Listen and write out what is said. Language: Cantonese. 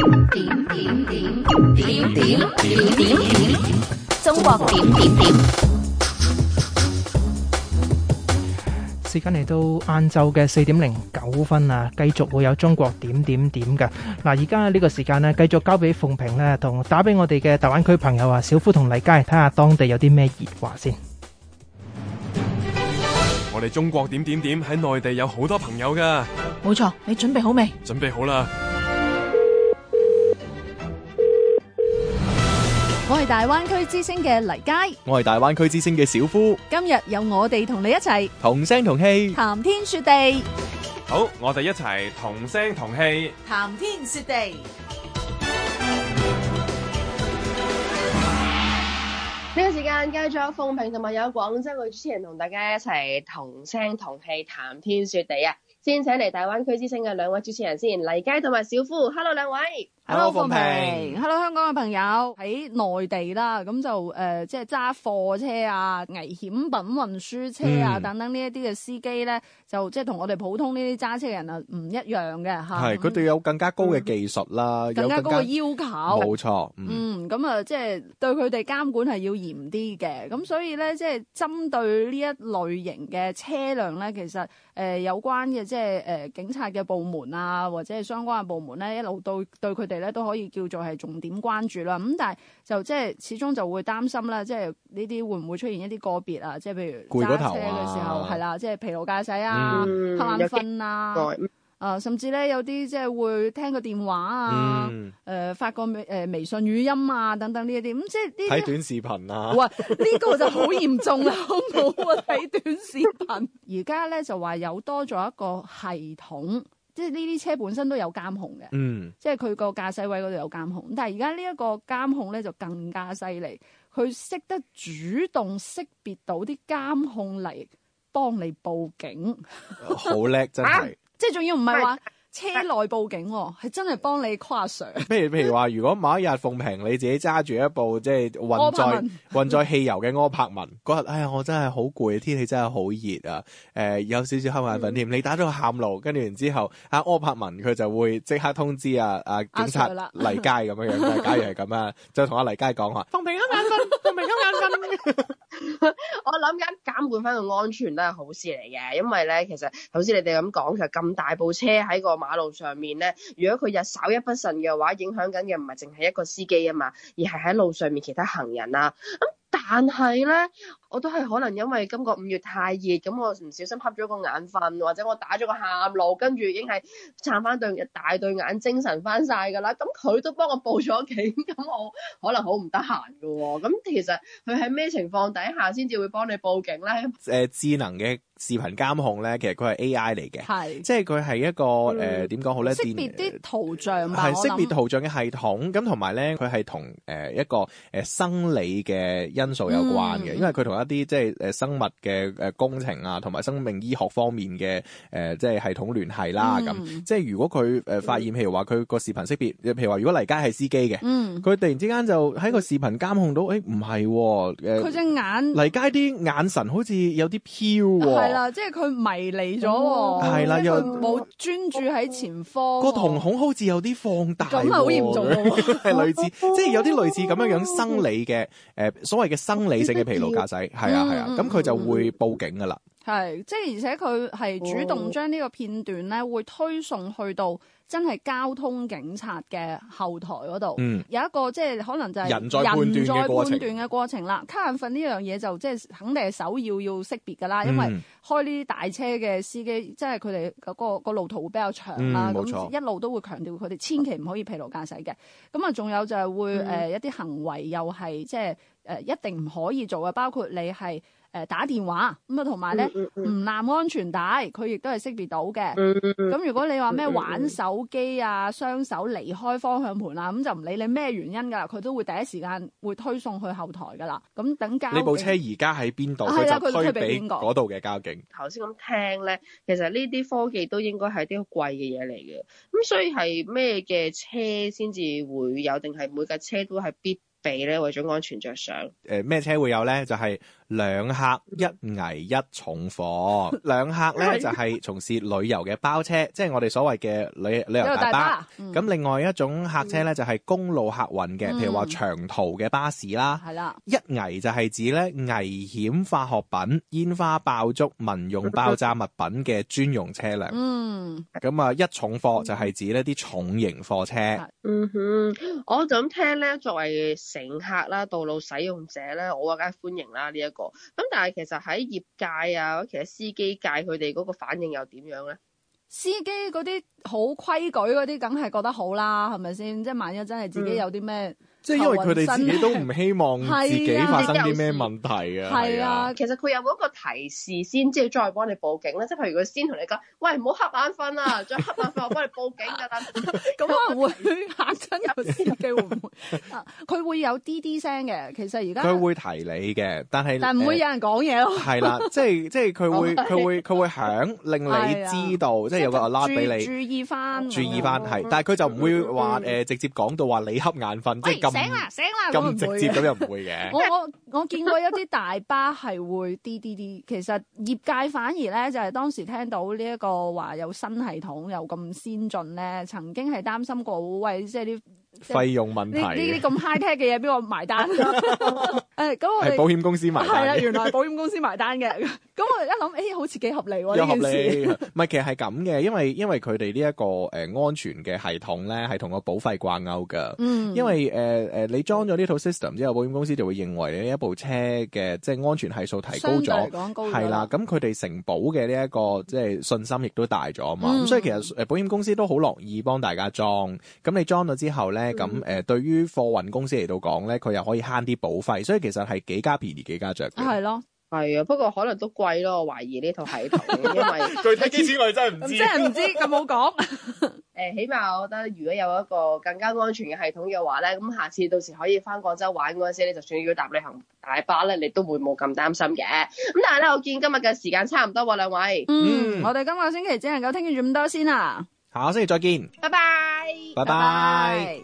點點點點點點點點，中國點點點。時間嚟到晏晝嘅四點零九分啦，繼續會有中國點點點㗎。嗱，而家呢個時間呢，繼續交俾鳳平呢，同打俾我哋嘅大灣區朋友啊，小夫同黎佳，睇下當地有啲咩熱話先。我哋中國點點點喺內地有好多朋友噶，冇錯。你準備好未？準備好啦。我係大灣區之聲嘅黎佳，我係大灣區之聲嘅小夫。今日有我哋同你一齊同聲同氣談天說地。好，我哋一齊同聲同氣談天說地。呢個時間繼續有奉評同埋有廣州嘅主持人同大家一齊同聲同氣談天說地啊！先請嚟大灣區之聲嘅兩位主持人先，黎佳同埋小夫，Hello 兩位。Hello，鳳平，Hello, 鳳平，Hello，香港嘅朋友，喺內地啦，咁就誒、呃，即係揸貨車啊、危險品運輸車啊，等等呢一啲嘅司機咧，就即係同我哋普通呢啲揸車嘅人啊唔一樣嘅吓。係，佢哋有更加高嘅技術啦，更加高嘅要求。冇錯，嗯，咁啊、嗯，即係對佢哋監管係要嚴啲嘅，咁所以咧，即係針對呢一類型嘅車輛咧，其實誒、呃、有關嘅即係誒、呃、警察嘅部門啊，或者係相關嘅部門咧，一路都對佢哋。咧，都可以叫做係重點關注啦，咁但係就即係始終就會擔心啦，即係呢啲會唔會出現一啲個別啊，即係譬如揸車嘅時候係、啊、啦，即係疲勞駕駛啊、瞌眼瞓啊，甚至咧有啲即係會聽個電話啊、誒、嗯呃、發個誒微信語音啊等等呢一啲，咁即係呢睇短視頻啊， 哇呢、呢個就好嚴重啦，好唔好啊？睇短視頻，而家咧就話有多咗一個系統。即係呢啲車本身都有監控嘅，嗯、即係佢個駕駛位嗰度有監控，但係而家呢一個監控咧就更加犀利，佢識得主動識別到啲監控嚟幫你報警，好叻真係，即係仲要唔係話。車內報警係、啊啊、真係幫你 call 阿 Sir、啊。譬如譬如話，如果某一日奉平你自己揸住一部即係運載運載汽油嘅柯柏文，嗰日哎呀我真係好攰，天氣真係好熱啊！誒有少少黑眼瞓添，你打咗個喊露，跟住然之後阿柯柏文佢、哎呃嗯、就會即刻通知啊啊警察黎佳咁樣、啊、樣。假如係咁 啊，就同阿黎佳講話奉平黑眼瞓，奉平黑眼瞓。 我諗緊監管翻個安全都係好事嚟嘅，因為咧其實好似你哋咁講，其實咁大部車喺個。馬路上面咧，如果佢日稍一不慎嘅話，影響緊嘅唔係淨係一個司機啊嘛，而係喺路上面其他行人啊。咁但係咧。我都係可能因為今個五月太熱，咁我唔小心瞌咗個眼瞓，或者我打咗個喊路，跟住已經係撐翻對大對眼，精神翻晒㗎啦。咁佢都幫我報咗警，咁我可能好唔得閒嘅喎。咁其實佢喺咩情況底下先至會幫你報警咧？誒智能嘅視頻監控咧，其實佢係 AI 嚟嘅，係是即係佢係一個誒點講好咧，識別啲圖像，係識別圖像嘅系統，咁同埋咧，佢係同誒一個誒生理嘅因素有關嘅，嗯、因為佢同一啲即係誒生物嘅誒工程啊，同埋生命醫學方面嘅誒即係系統聯繫啦。咁即係如果佢誒發現，譬如話佢個視頻識別，譬如話如果黎佳係司機嘅，嗯，佢突然之間就喺個視頻監控到，誒唔係誒，佢隻眼黎佳啲眼神好似有啲飄，係啦，即係佢迷離咗，係啦，又冇專注喺前方，個瞳孔好似有啲放大，咁啊好嚴重，係類似即係有啲類似咁樣樣生理嘅誒所謂嘅生理性嘅疲勞駕駛。係啊，係啊，咁佢、啊嗯、就會報警㗎喇、嗯。係、嗯，即、嗯、係而且佢係主動將呢個片段咧，會推送去到，真係交通警察嘅後台嗰度，嗯、有一個即係可能就係人在判斷嘅過程啦。瞌眼瞓呢樣嘢就即係肯定係首要要識別噶啦，嗯、因為開呢啲大車嘅司機即係佢哋個個路途會比較長啦，咁、嗯、一路都會強調佢哋千祈唔可以疲勞駕駛嘅。咁啊，仲有就係會誒、嗯呃、一啲行為又係即係誒、呃、一定唔可以做嘅，包括你係誒打電話咁啊，同埋咧唔攬安全帶，佢亦都係識別到嘅。咁、嗯嗯、如果你話咩玩手機啊，雙手離開方向盤啦，咁就唔理你咩原因噶啦，佢都會第一時間會推送去後台噶啦。咁等交警。呢部車而家喺邊度？佢就推俾嗰度嘅交警。頭先咁聽咧，其實呢啲科技都應該係啲好貴嘅嘢嚟嘅。咁所以係咩嘅車先至會有？定係每架車都係必？俾咧，為咗安全着想。呃、咩車會有呢？就係、是、兩客一危一重貨。兩 客咧就係從事旅遊嘅包車，即、就、係、是、我哋所謂嘅旅旅遊大巴。咁、嗯、另外一種客車咧就係公路客運嘅，嗯、譬如話長途嘅巴士啦。係啦、嗯。一危就係指咧危險化學品、 煙花爆竹、民用爆炸物品嘅專用車輛。嗯。咁啊，一重貨就係指呢啲重型貨車。嗯哼，我就咁聽呢，作為，乘客啦，道路使用者咧，我梗係歡迎啦，呢一個咁。但係其實喺業界啊，其實司機界佢哋嗰個反應又點樣咧？司機嗰啲好規矩嗰啲，梗係覺得好啦，係咪先？即係萬一真係自己有啲咩？嗯即係因為佢哋自己都唔希望自己發生啲咩問題啊！係啊，其實佢有冇一個提示先，即係再幫你報警咧。即係譬如佢先同你講：喂，唔好瞌眼瞓啊！再瞌眼瞓，我幫你報警㗎啦。咁會嚇親個司機會唔會？佢會有啲啲聲嘅。其實而家佢會提你嘅，但係但唔會有人講嘢咯。係啦，即係即係佢會佢會佢會響，令你知道，即係有個 alarm 俾你注意翻，注意翻係。但係佢就唔會話誒直接講到話你瞌眼瞓，即醒啦，醒啦，咁又唔會嘅。 我我我見過一啲大巴係會啲啲啲，其實業界反而咧就係當時聽到呢一個話有新系統又咁先進咧，曾經係擔心過喂，即係啲費用問題，呢啲咁 high tech 嘅嘢畀我埋單？ 誒，咁、哎、我係保險公司埋單係啊，原來保險公司埋單嘅。咁 我一諗，誒、哎，好似幾合理喎、啊、合理，唔係， 其實係咁嘅，因為因為佢哋呢一個誒、呃、安全嘅系統咧，係同個保費掛鈎噶。嗯、因為誒誒、呃呃，你裝咗呢套 system 之後，保險公司就會認為你呢一部車嘅即係安全係數提高咗，相對嚟講高。係啦，咁佢哋承保嘅呢一個即係信心亦都大咗啊嘛。咁、嗯、所以其實誒保險公司都好樂意幫大家裝。咁你裝咗之後咧，咁誒、嗯呃、對於貨運公司嚟到講咧，佢又可以慳啲保費，所以其實係幾加便宜幾加着，係咯，係啊，不過可能都貴咯。我懷疑呢套系統，因為 具體幾錢我哋真係唔知，真係唔知咁好講。誒、 欸，起碼我覺得如果有一個更加安全嘅系統嘅話咧，咁下次到時可以翻廣州玩嗰陣時，你就算要搭旅行大巴咧，你都會冇咁擔心嘅。咁但係咧，我見今日嘅時間差唔多喎，兩位，嗯，嗯我哋今個星期只能夠聽住咁多先啦。下個星期再見，拜拜，拜拜。